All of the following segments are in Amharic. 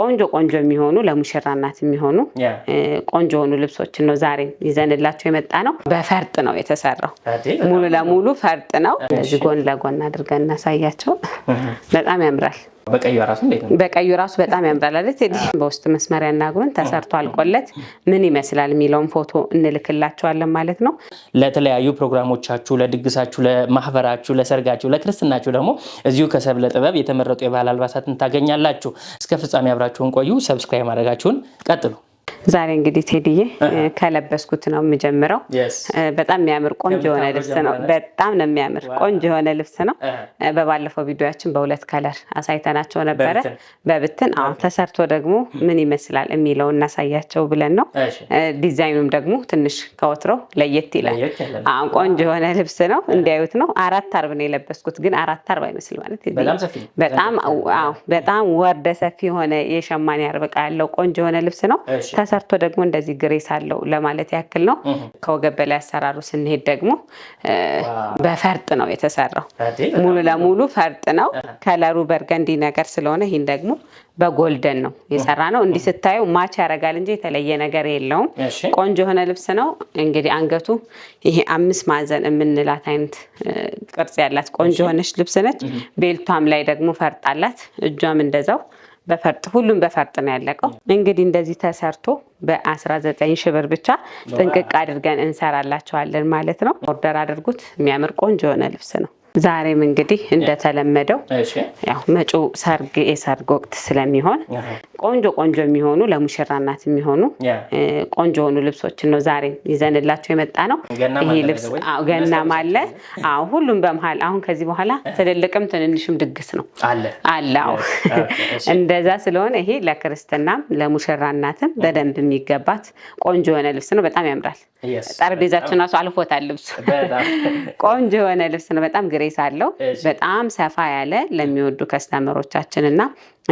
ቆንጆ ቆንጆ የሚሆኑ ለሙሽራናት የሚሆኑ ቆንጆ የሆኑ ልብሶችን ነው ዛሬ ይዘንላቸው የመጣ ነው። በፈርጥ ነው የተሰራው፣ ሙሉ ለሙሉ ፈርጥ ነው። ጎን ለጎን አድርገን እናሳያቸው። በጣም ያምራል። በቀዩ ራሱ በጣም ያምራል። በውስጥ መስመሪያና እግሩን ተሰርቶ አልቆለት ምን ይመስላል የሚለውን ፎቶ እንልክላቸዋለን ማለት ነው። ለተለያዩ ፕሮግራሞቻችሁ፣ ለድግሳችሁ፣ ለማህበራችሁ፣ ለሰርጋችሁ፣ ለክርስትናችሁ ደግሞ እዚሁ ከሰብለ ጥበብ የተመረጡ የባህል አልባሳትን ታገኛላችሁ። እስከ ፍጻሜ አብራችሁን ቆዩ። ሰብስክራይብ ማድረጋችሁን ቀጥሉ። ዛሬ እንግዲህ ቴዲዬ ከለበስኩት ነው የምጀምረው። በጣም የሚያምር ቆንጆ የሆነ ልብስ ነው። በጣም ነው የሚያምር ቆንጆ የሆነ ልብስ ነው። በባለፈው ቪዲዮችን በሁለት ከለር አሳይተናቸው ነበረ በብትን። አዎ ተሰርቶ ደግሞ ምን ይመስላል የሚለው እናሳያቸው ብለን ነው። ዲዛይኑም ደግሞ ትንሽ ከወትሮ ለየት ይላል። አሁን ቆንጆ የሆነ ልብስ ነው። እንዲያዩት ነው። አራት አርብ ነው የለበስኩት፣ ግን አራት አርብ አይመስል ማለት በጣም በጣም ወርደ ሰፊ የሆነ የሸማኔ አርብ እቃ ያለው ቆንጆ የሆነ ልብስ ነው። ተሰርቶ ደግሞ እንደዚህ ግሬስ አለው ለማለት ያክል ነው። ከወገብ በላይ አሰራሩ ስንሄድ ደግሞ በፈርጥ ነው የተሰራው። ሙሉ ለሙሉ ፈርጥ ነው። ከለሩ በርገንዲ ነገር ስለሆነ ይህን ደግሞ በጎልደን ነው የሰራ ነው። እንዲህ ስታየው ማች ያደርጋል እንጂ የተለየ ነገር የለውም። ቆንጆ የሆነ ልብስ ነው። እንግዲህ አንገቱ ይሄ አምስት ማዕዘን የምንላት አይነት ቅርጽ ያላት ቆንጆ የሆነች ልብስ ነች። ቤልቷም ላይ ደግሞ ፈርጣላት፣ እጇም እንደዛው በፈርጥ ሁሉም በፈርጥ ነው ያለቀው። እንግዲህ እንደዚህ ተሰርቶ በ19 ሺህ ብር ብቻ ጥንቅቅ አድርገን እንሰራላቸዋለን ማለት ነው። ኦርደር አድርጉት። የሚያምር ቆንጆ የሆነ ልብስ ነው። ዛሬም እንግዲህ እንደተለመደው ያው መጪው ሰርግ የሰርግ ወቅት ስለሚሆን ቆንጆ ቆንጆ የሚሆኑ ለሙሽራ እናት የሚሆኑ ቆንጆ የሆኑ ልብሶችን ነው ዛሬ ይዘንላቸው የመጣ ነው። ይሄ ልብስ ገናም አለ። አዎ ሁሉም በመሀል አሁን ከዚህ በኋላ ትልልቅም ትንንሽም ድግስ ነው አለ። አዎ እንደዛ ስለሆነ ይሄ ለክርስትናም ለሙሽራ እናትም በደንብ የሚገባት ቆንጆ የሆነ ልብስ ነው። በጣም ያምራል። ጠረጴዛችን ራሱ አልፎታል ልብሱ። ቆንጆ የሆነ ልብስ ነው። በጣም ግሬስ አለው። በጣም ሰፋ ያለ ለሚወዱ ከስተመሮቻችን እና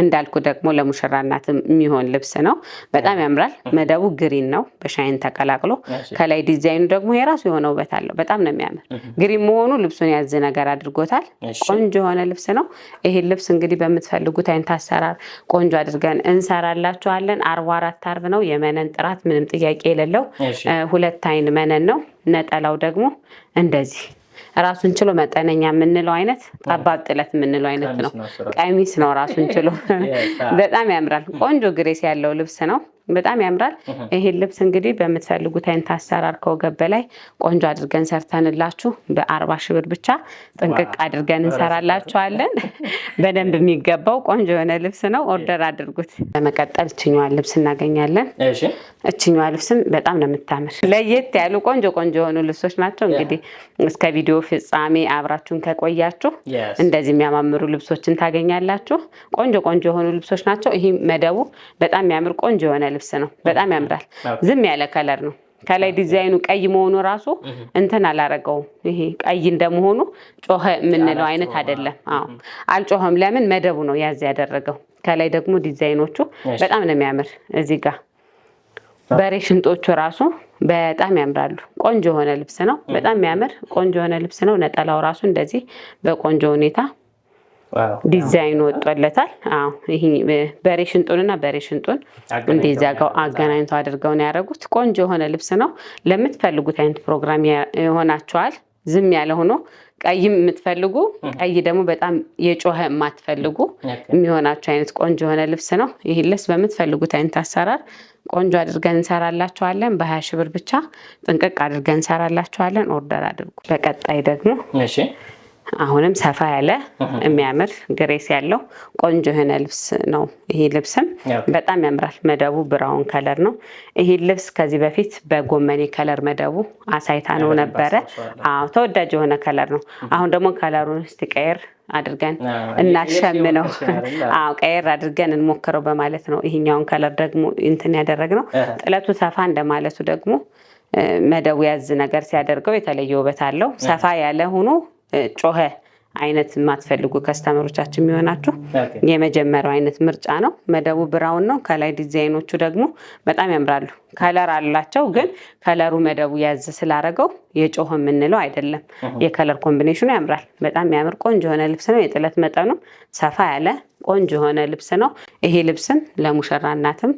እንዳልኩ ደግሞ ለሙሽራ እናት የሚሆን ልብስ ነው። በጣም ያምራል። መደቡ ግሪን ነው በሻይን ተቀላቅሎ፣ ከላይ ዲዛይኑ ደግሞ የራሱ የሆነ ውበት አለው። በጣም ነው የሚያምር። ግሪን መሆኑ ልብሱን ያዝ ነገር አድርጎታል። ቆንጆ የሆነ ልብስ ነው። ይህን ልብስ እንግዲህ በምትፈልጉት አይነት አሰራር ቆንጆ አድርገን እንሰራላችኋለን። አርቦ አራት አርብ ነው። የመነን ጥራት ምንም ጥያቄ የሌለው ሁለት አይን መነን ነው። ነጠላው ደግሞ እንደዚህ ራሱን ችሎ መጠነኛ የምንለው አይነት ጠባብ ጥለት የምንለው አይነት ነው። ቀሚስ ነው ራሱን ችሎ በጣም ያምራል። ቆንጆ ግሬስ ያለው ልብስ ነው። በጣም ያምራል። ይሄን ልብስ እንግዲህ በምትፈልጉት አይነት አሰራር ከወገብ በላይ ቆንጆ አድርገን ሰርተንላችሁ በአርባ ሺህ ብር ብቻ ጥንቅቅ አድርገን እንሰራላችኋለን። በደንብ የሚገባው ቆንጆ የሆነ ልብስ ነው። ኦርደር አድርጉት። በመቀጠል እችኛዋን ልብስ እናገኛለን። እችኛዋ ልብስም በጣም ነው የምታምር። ለየት ያሉ ቆንጆ ቆንጆ የሆኑ ልብሶች ናቸው። እንግዲህ እስከ ቪዲዮ ፍጻሜ አብራችሁን ከቆያችሁ እንደዚህ የሚያማምሩ ልብሶችን ታገኛላችሁ። ቆንጆ ቆንጆ የሆኑ ልብሶች ናቸው። ይህ መደቡ በጣም የሚያምር ቆንጆ የሆነ ልብስ ነው። በጣም ያምራል። ዝም ያለ ከለር ነው። ከላይ ዲዛይኑ ቀይ መሆኑ ራሱ እንትን አላረገውም። ይሄ ቀይ እንደመሆኑ ጮኸ የምንለው አይነት አይደለም። አዎ አልጮኸም። ለምን መደቡ ነው ያዝ ያደረገው። ከላይ ደግሞ ዲዛይኖቹ በጣም ነው የሚያምር። እዚህ ጋር በሬ ሽንጦቹ ራሱ በጣም ያምራሉ። ቆንጆ የሆነ ልብስ ነው። በጣም የሚያምር ቆንጆ የሆነ ልብስ ነው። ነጠላው ራሱ እንደዚህ በቆንጆ ሁኔታ ዲዛይኑ ወጦለታል። በሬ ሽንጡንና በሬ ሽንጡን እንደዛ ጋር አገናኝቶ አድርገው ነው ያደረጉት። ቆንጆ የሆነ ልብስ ነው። ለምትፈልጉት አይነት ፕሮግራም ይሆናቸዋል ዝም ያለ ሆኖ ቀይም የምትፈልጉ ቀይ ደግሞ በጣም የጮኸ የማትፈልጉ የሚሆናቸው አይነት ቆንጆ የሆነ ልብስ ነው። ይህ ልብስ በምትፈልጉት አይነት አሰራር ቆንጆ አድርገን እንሰራላችኋለን። በሀያ ሺህ ብር ብቻ ጥንቅቅ አድርገን እንሰራላችኋለን። ኦርደር አድርጉ። በቀጣይ ደግሞ አሁንም ሰፋ ያለ የሚያምር ግሬስ ያለው ቆንጆ የሆነ ልብስ ነው። ይሄ ልብስም በጣም ያምራል። መደቡ ብራውን ከለር ነው። ይሄ ልብስ ከዚህ በፊት በጎመኔ ከለር መደቡ አሳይታ ነው ነበረ። አዎ ተወዳጅ የሆነ ከለር ነው። አሁን ደግሞ ከለሩን እስቲ ቀየር አድርገን እናሸምነው። አዎ ቀየር አድርገን እንሞክረው በማለት ነው ይሄኛውን ከለር ደግሞ እንትን ያደረግነው። ጥለቱ ሰፋ እንደማለቱ ደግሞ መደቡ ያዝ ነገር ሲያደርገው የተለየ ውበት አለው። ሰፋ ያለ ሆኖ ጮኸ አይነት የማትፈልጉ ከስተመሮቻችን የሚሆናችሁ የመጀመሪያው አይነት ምርጫ ነው። መደቡ ብራውን ነው። ከላይ ዲዛይኖቹ ደግሞ በጣም ያምራሉ። ከለር አላቸው፣ ግን ከለሩ መደቡ ያዝ ስላደረገው የጮኸ የምንለው አይደለም። የከለር ኮምቢኔሽኑ ያምራል። በጣም ያምር ቆንጆ የሆነ ልብስ ነው። የጥለት መጠኑም ሰፋ ያለ ቆንጆ የሆነ ልብስ ነው። ይሄ ልብስም ለሙሽራ እናትም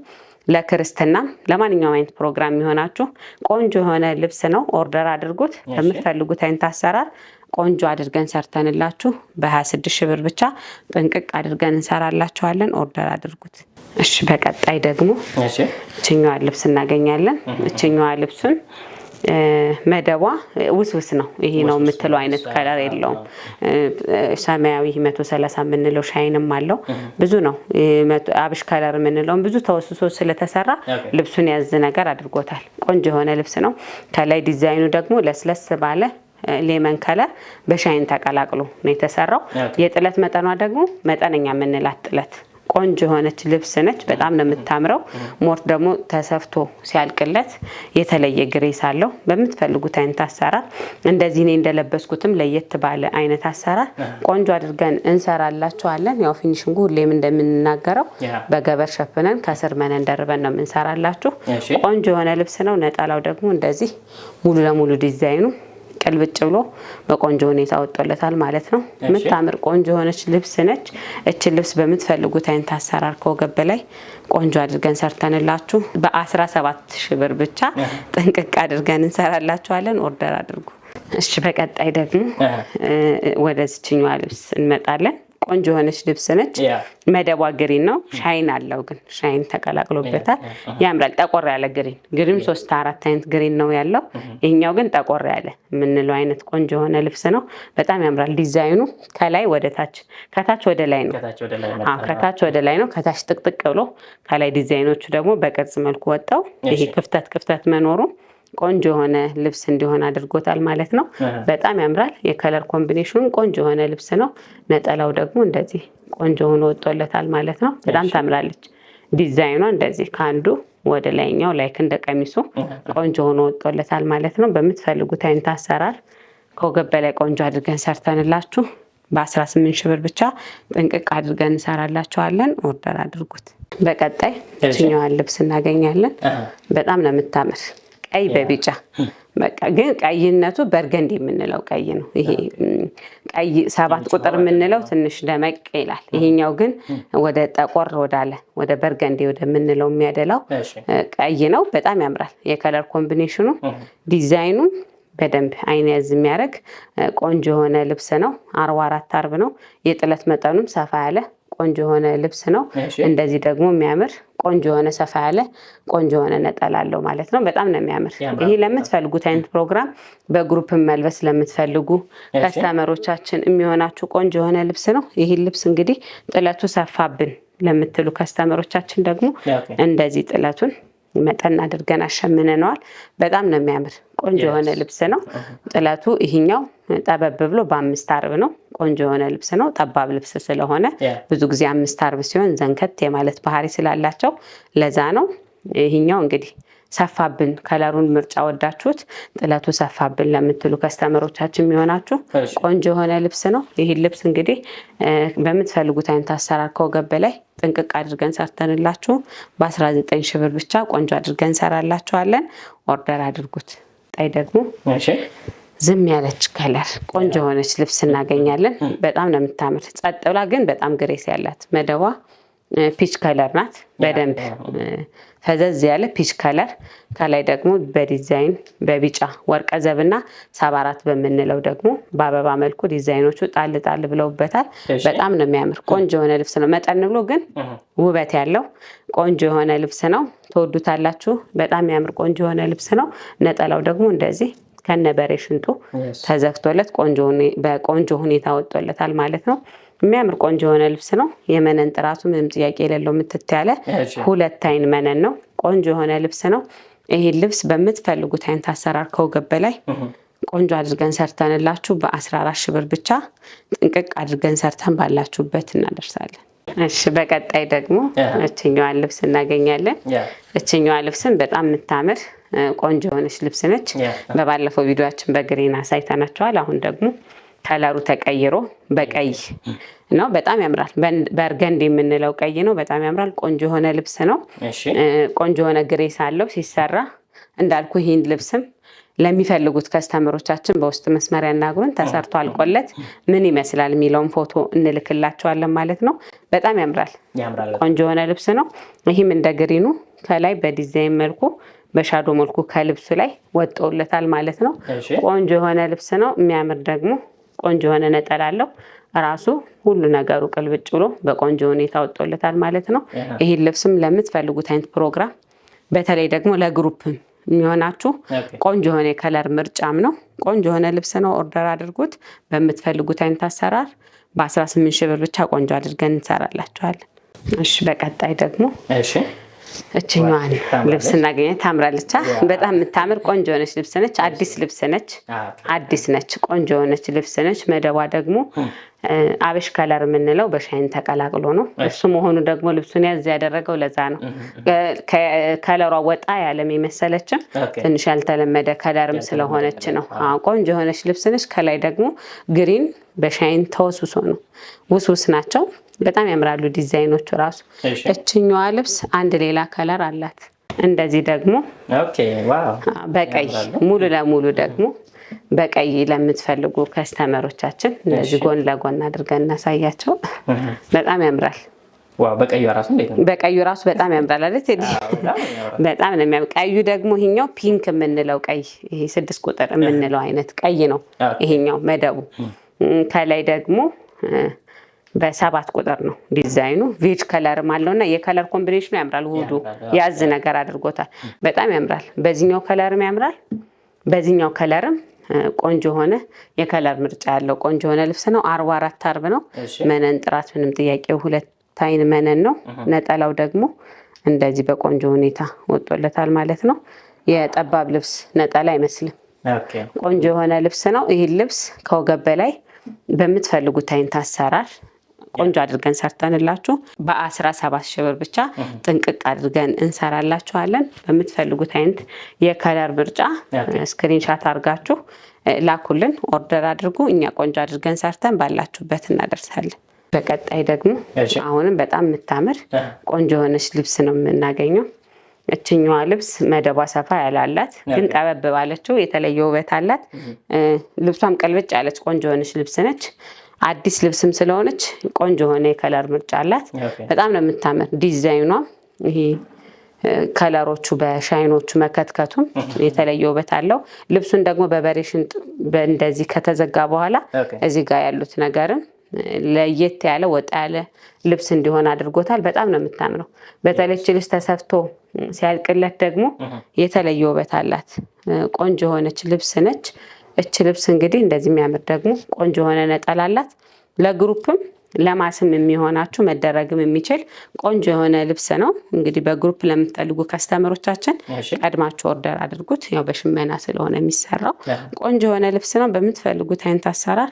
ለክርስትናም ለማንኛውም አይነት ፕሮግራም የሚሆናችሁ ቆንጆ የሆነ ልብስ ነው። ኦርደር አድርጉት በምትፈልጉት አይነት አሰራር ቆንጆ አድርገን ሰርተንላችሁ በ26 ሺህ ብር ብቻ ጥንቅቅ አድርገን እንሰራላችኋለን። ኦርደር አድርጉት እሺ። በቀጣይ ደግሞ እችኛዋ ልብስ እናገኛለን። እችኛዋ ልብሱን መደቧ ውስውስ ነው። ይሄ ነው የምትለው አይነት ከለር የለውም። ሰማያዊ መቶ ሰላሳ የምንለው ሻይንም አለው ብዙ ነው። አብሽ ከለር የምንለውም ብዙ ተወስሶ ስለተሰራ ልብሱን ያዝ ነገር አድርጎታል። ቆንጆ የሆነ ልብስ ነው። ከላይ ዲዛይኑ ደግሞ ለስለስ ባለ ሌመን ከለር በሻይን ተቀላቅሎ ነው የተሰራው። የጥለት መጠኗ ደግሞ መጠነኛ የምንላት ጥለት ቆንጆ የሆነች ልብስ ነች። በጣም ነው የምታምረው። ሞርት ደግሞ ተሰፍቶ ሲያልቅለት የተለየ ግሬስ አለው። በምትፈልጉት አይነት አሰራር እንደዚህ እኔ እንደለበስኩትም ለየት ባለ አይነት አሰራር ቆንጆ አድርገን እንሰራላችኋለን። ያው ፊኒሽንጉ ሁሌም እንደምንናገረው በገበር ሸፍነን ከስር መነን ደርበን ነው የምንሰራላችሁ። ቆንጆ የሆነ ልብስ ነው። ነጠላው ደግሞ እንደዚህ ሙሉ ለሙሉ ዲዛይኑ ቅልብጭ ብሎ በቆንጆ ሁኔታ ወጥቶለታል ማለት ነው። የምታምር ቆንጆ የሆነች ልብስ ነች። እችን ልብስ በምትፈልጉት አይነት አሰራር ከወገብ በላይ ቆንጆ አድርገን ሰርተንላችሁ በ17 ሺ ብር ብቻ ጥንቅቅ አድርገን እንሰራላችኋለን። ኦርደር አድርጉ እሺ። በቀጣይ ደግሞ ወደ ዝችኛዋ ልብስ እንመጣለን። ቆንጆ የሆነች ልብስ ነች። መደቧ ግሪን ነው። ሻይን አለው ግን ሻይን ተቀላቅሎበታል። ያምራል። ጠቆር ያለ ግሪን ግሪም ሶስት አራት አይነት ግሪን ነው ያለው። ይህኛው ግን ጠቆር ያለ የምንለው አይነት ቆንጆ የሆነ ልብስ ነው። በጣም ያምራል ዲዛይኑ። ከላይ ወደ ታች ከታች ወደ ላይ ነው። ከታች ወደ ላይ ነው። ከታች ጥቅጥቅ ብሎ ከላይ ዲዛይኖቹ ደግሞ በቅርጽ መልኩ ወጣው ይሄ ክፍተት ክፍተት መኖሩ ቆንጆ የሆነ ልብስ እንዲሆን አድርጎታል ማለት ነው። በጣም ያምራል። የከለር ኮምቢኔሽኑን ቆንጆ የሆነ ልብስ ነው። ነጠላው ደግሞ እንደዚህ ቆንጆ ሆኖ ወጥቶለታል ማለት ነው። በጣም ታምራለች። ዲዛይኗ እንደዚህ ከአንዱ ወደ ላይኛው ላይክ እንደ ቀሚሱ ቆንጆ ሆኖ ወጥቶለታል ማለት ነው። በምትፈልጉት አይነት አሰራር ከወገብ በላይ ቆንጆ አድርገን ሰርተንላችሁ በ18 ሺህ ብር ብቻ ጥንቅቅ አድርገን እንሰራላችኋለን። ኦርደር አድርጉት። በቀጣይ ችኛዋን ልብስ እናገኛለን። በጣም ነው የምታምር ቀይ በቢጫ በቃ ግን ቀይነቱ በርገንድ የምንለው ቀይ ነው። ይሄ ቀይ ሰባት ቁጥር የምንለው ትንሽ ደመቅ ይላል። ይሄኛው ግን ወደ ጠቆር ወዳለ ወደ በርገንዴ ወደምንለው የሚያደላው ቀይ ነው። በጣም ያምራል። የከለር ኮምቢኔሽኑ ዲዛይኑ በደንብ አይን ያዝ የሚያደርግ ቆንጆ የሆነ ልብስ ነው። አርባ አራት አርብ ነው። የጥለት መጠኑም ሰፋ ያለ ቆንጆ የሆነ ልብስ ነው። እንደዚህ ደግሞ የሚያምር ቆንጆ የሆነ ሰፋ ያለ ቆንጆ የሆነ ነጠላ አለው ማለት ነው። በጣም ነው የሚያምር። ይህ ለምትፈልጉት አይነት ፕሮግራም በግሩፕ መልበስ ለምትፈልጉ ከስተመሮቻችን የሚሆናችሁ ቆንጆ የሆነ ልብስ ነው። ይህን ልብስ እንግዲህ ጥለቱ ሰፋብን ለምትሉ ከስተመሮቻችን ደግሞ እንደዚህ ጥለቱን መጠን አድርገን አሸምነነዋል። በጣም ነው የሚያምር። ቆንጆ የሆነ ልብስ ነው። uh-huh. ጥለቱ ይሄኛው ጠበብ ብሎ በአምስት አርብ ነው። ቆንጆ የሆነ ልብስ ነው። ጠባብ ልብስ ስለሆነ ብዙ ጊዜ አምስት አርብ ሲሆን ዘንከት የማለት ባህሪ ስላላቸው ለዛ ነው። ይሄኛው እንግዲህ ሰፋብን ከለሩን ምርጫ ወዳችሁት ጥለቱ ሰፋብን ለምትሉ ከስተመሮቻችን የሚሆናችሁ ቆንጆ የሆነ ልብስ ነው። ይህን ልብስ እንግዲህ በምትፈልጉት አይነት አሰራር ከወገብ በላይ ጥንቅቅ አድርገን ሰርተንላችሁ በ19 ሺህ ብር ብቻ ቆንጆ አድርገን እንሰራላችኋለን። ኦርደር አድርጉት። በቀጣይ ደግሞ ዝም ያለች ከለር ቆንጆ የሆነች ልብስ እናገኛለን። በጣም ነው የምታምር ጸጥ ብላ ግን በጣም ግሬስ ያላት መደቧ ፒች ከለር ናት። በደንብ ፈዘዝ ያለ ፒች ከለር ከላይ ደግሞ በዲዛይን በቢጫ ወርቀዘብ እና ሰባ አራት በምንለው ደግሞ በአበባ መልኩ ዲዛይኖቹ ጣል ጣል ብለውበታል። በጣም ነው የሚያምር ቆንጆ የሆነ ልብስ ነው። መጠን ብሎ ግን ውበት ያለው ቆንጆ የሆነ ልብስ ነው። ተወዱታላችሁ። በጣም የሚያምር ቆንጆ የሆነ ልብስ ነው። ነጠላው ደግሞ እንደዚህ ከነበሬ ሽንጡ ተዘግቶለት በቆንጆ ሁኔታ ወጥቶለታል ማለት ነው። የሚያምር ቆንጆ የሆነ ልብስ ነው። የመነን ጥራቱ ምንም ጥያቄ የሌለው ምትት ያለ ሁለት አይን መነን ነው። ቆንጆ የሆነ ልብስ ነው። ይህ ልብስ በምትፈልጉት አይነት አሰራር ከወገብ በላይ ቆንጆ አድርገን ሰርተንላችሁ በ14 ሺህ ብር ብቻ ጥንቅቅ አድርገን ሰርተን ባላችሁበት እናደርሳለን። እሺ በቀጣይ ደግሞ እችኛዋን ልብስ እናገኛለን። እችኛዋ ልብስን በጣም የምታምር ቆንጆ የሆነች ልብስ ነች። በባለፈው ቪዲዮችን በግሪን አሳይተናቸዋል። አሁን ደግሞ ከለሩ ተቀይሮ በቀይ ነው። በጣም ያምራል። በርገንድ የምንለው ቀይ ነው። በጣም ያምራል። ቆንጆ የሆነ ልብስ ነው። ቆንጆ የሆነ ግሬስ አለው ሲሰራ። እንዳልኩ ይህን ልብስም ለሚፈልጉት ከስተምሮቻችን በውስጥ መስመር ያናግሩን። ተሰርቶ አልቆለት ምን ይመስላል የሚለውን ፎቶ እንልክላቸዋለን ማለት ነው። በጣም ያምራል። ቆንጆ የሆነ ልብስ ነው። ይህም እንደ ግሪኑ ከላይ በዲዛይን መልኩ በሻዶ መልኩ ከልብሱ ላይ ወጥቶለታል ማለት ነው። ቆንጆ የሆነ ልብስ ነው። የሚያምር ደግሞ ቆንጆ የሆነ ነጠላ አለው። ራሱ ሁሉ ነገሩ ቅልብጭ ብሎ በቆንጆ ሁኔታ ወጥቶለታል ማለት ነው። ይሄን ልብስም ለምትፈልጉት አይነት ፕሮግራም፣ በተለይ ደግሞ ለግሩፕ የሚሆናችሁ ቆንጆ የሆነ የከለር ምርጫም ነው። ቆንጆ የሆነ ልብስ ነው። ኦርደር አድርጉት በምትፈልጉት አይነት አሰራር በ18 ሺህ ብር ብቻ ቆንጆ አድርገን እንሰራላችኋለን። እሺ በቀጣይ ደግሞ እችኛዋን ልብስ እናገኘ ታምራለች። በጣም የምታምር ቆንጆ የሆነች ልብስ ነች። አዲስ ልብስ ነች። አዲስ ነች። ቆንጆ የሆነች ልብስ ነች። መደቧ ደግሞ አበሽ ከለር የምንለው በሻይን ተቀላቅሎ ነው። እሱ መሆኑ ደግሞ ልብሱን ያዝ ያደረገው ለዛ ነው። ከለሯ ወጣ ያለም የመሰለችም ትንሽ ያልተለመደ ከለርም ስለሆነች ነው። ቆንጆ የሆነች ልብስ ነች። ከላይ ደግሞ ግሪን በሻይን ተወስውሶ ነው። ውስውስ ናቸው። በጣም ያምራሉ ዲዛይኖቹ ራሱ። እችኛዋ ልብስ አንድ ሌላ ከለር አላት። እንደዚህ ደግሞ በቀይ ሙሉ ለሙሉ ደግሞ በቀይ ለምትፈልጉ ከስተመሮቻችን እንደዚህ ጎን ለጎን አድርገን እናሳያቸው። በጣም ያምራል። በቀዩ ራሱ በጣም ያምራል አይደል? በጣም ነው የሚያምር። ቀዩ ደግሞ ይሄኛው ፒንክ የምንለው ቀይ ይሄ ስድስት ቁጥር የምንለው አይነት ቀይ ነው ይሄኛው መደቡ። ከላይ ደግሞ በሰባት ቁጥር ነው ዲዛይኑ። ቬጅ ከለርም አለው እና የከለር ኮምቢኔሽኑ ያምራል። ውዱ ያዝ ነገር አድርጎታል። በጣም ያምራል። በዚህኛው ከለርም ያምራል። በዚህኛው ከለርም ቆንጆ የሆነ የከለር ምርጫ ያለው ቆንጆ የሆነ ልብስ ነው። አርባ አራት አርብ ነው። መነን ጥራት ምንም ጥያቄ ሁለት አይን መነን ነው። ነጠላው ደግሞ እንደዚህ በቆንጆ ሁኔታ ወጦለታል ማለት ነው። የጠባብ ልብስ ነጠላ አይመስልም። ቆንጆ የሆነ ልብስ ነው። ይህን ልብስ ከወገብ በላይ በምትፈልጉት አይነት አሰራር ቆንጆ አድርገን ሰርተንላችሁ በአስራ ሰባት ሺህ ብር ብቻ ጥንቅቅ አድርገን እንሰራላችኋለን። በምትፈልጉት አይነት የከለር ምርጫ ስክሪንሻት አድርጋችሁ ላኩልን፣ ኦርደር አድርጉ። እኛ ቆንጆ አድርገን ሰርተን ባላችሁበት እናደርሳለን። በቀጣይ ደግሞ አሁንም በጣም የምታምር ቆንጆ የሆነች ልብስ ነው የምናገኘው። እችኛዋ ልብስ መደቧ ሰፋ ያላላት ግን ጠበብ ባለችው የተለየ ውበት አላት። ልብሷም ቀልበጭ ያለች ቆንጆ የሆነች ልብስ ነች። አዲስ ልብስም ስለሆነች ቆንጆ የሆነ የከለር ምርጫ አላት። በጣም ነው የምታምር። ዲዛይኗም ይሄ ከለሮቹ በሻይኖቹ መከትከቱም የተለየ ውበት አለው። ልብሱን ደግሞ በበሬ ሽንጥ እንደዚህ ከተዘጋ በኋላ እዚህ ጋር ያሉት ነገርም ለየት ያለ ወጣ ያለ ልብስ እንዲሆን አድርጎታል። በጣም ነው የምታምረው። በተለች ልብስ ተሰፍቶ ሲያልቅለት ደግሞ የተለየ ውበት አላት። ቆንጆ የሆነች ልብስ ነች። እች ልብስ እንግዲህ እንደዚህ የሚያምር ደግሞ ቆንጆ የሆነ ነጠላ አላት። ለግሩፕም ለማስም የሚሆናችሁ መደረግም የሚችል ቆንጆ የሆነ ልብስ ነው። እንግዲህ በግሩፕ ለምትፈልጉ ከስተመሮቻችን ቀድማችሁ ኦርደር አድርጉት። ያው በሽመና ስለሆነ የሚሰራው ቆንጆ የሆነ ልብስ ነው። በምትፈልጉት አይነት አሰራር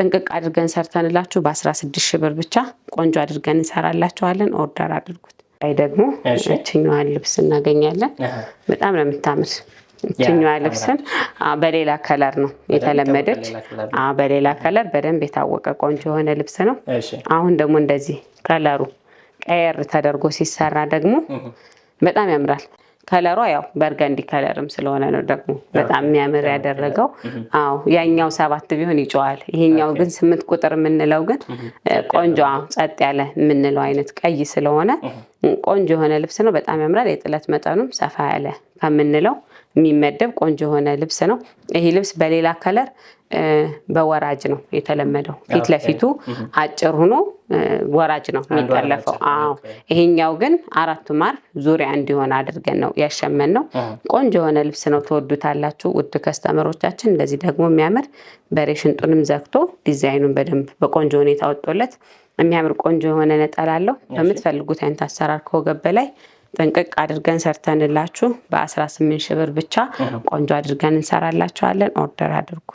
ጥንቅቅ አድርገን ሰርተንላችሁ በ16 ሺህ ብር ብቻ ቆንጆ አድርገን እንሰራላችኋለን። ኦርደር አድርጉት። ላይ ደግሞ እችኛዋን ልብስ እናገኛለን። በጣም ነው የምታምር እችኛዋ ልብስን በሌላ ከለር ነው የተለመደች። በሌላ ከለር በደንብ የታወቀ ቆንጆ የሆነ ልብስ ነው። አሁን ደግሞ እንደዚህ ከለሩ ቀየር ተደርጎ ሲሰራ ደግሞ በጣም ያምራል። ከለሯ ያው በርገንዲ ከለርም ስለሆነ ነው ደግሞ በጣም የሚያምር ያደረገው። አዎ ያኛው ሰባት ቢሆን ይጨዋል። ይሄኛው ግን ስምንት ቁጥር የምንለው ግን ቆንጆ ጸጥ ያለ የምንለው አይነት ቀይ ስለሆነ ቆንጆ የሆነ ልብስ ነው። በጣም ያምራል። የጥለት መጠኑም ሰፋ ያለ ከምንለው የሚመደብ ቆንጆ የሆነ ልብስ ነው። ይህ ልብስ በሌላ ከለር በወራጅ ነው የተለመደው። ፊት ለፊቱ አጭር ሆኖ ወራጅ ነው የሚጠለፈው። አዎ ይሄኛው ግን አራቱ ማርፍ ዙሪያ እንዲሆን አድርገን ነው ያሸመን ነው። ቆንጆ የሆነ ልብስ ነው፣ ትወዱታላችሁ ውድ ከስተመሮቻችን። እንደዚህ ደግሞ የሚያምር በሬ ሽንጡንም ዘግቶ ዲዛይኑን በደንብ በቆንጆ ሁኔታ ወጦለት የሚያምር ቆንጆ የሆነ ነጠላ አለው። በምትፈልጉት አይነት አሰራር ከወገብ በላይ ጥንቅቅ አድርገን ሰርተንላችሁ በ18 ሺህ ብር ብቻ ቆንጆ አድርገን እንሰራላችኋለን። ኦርደር አድርጉ።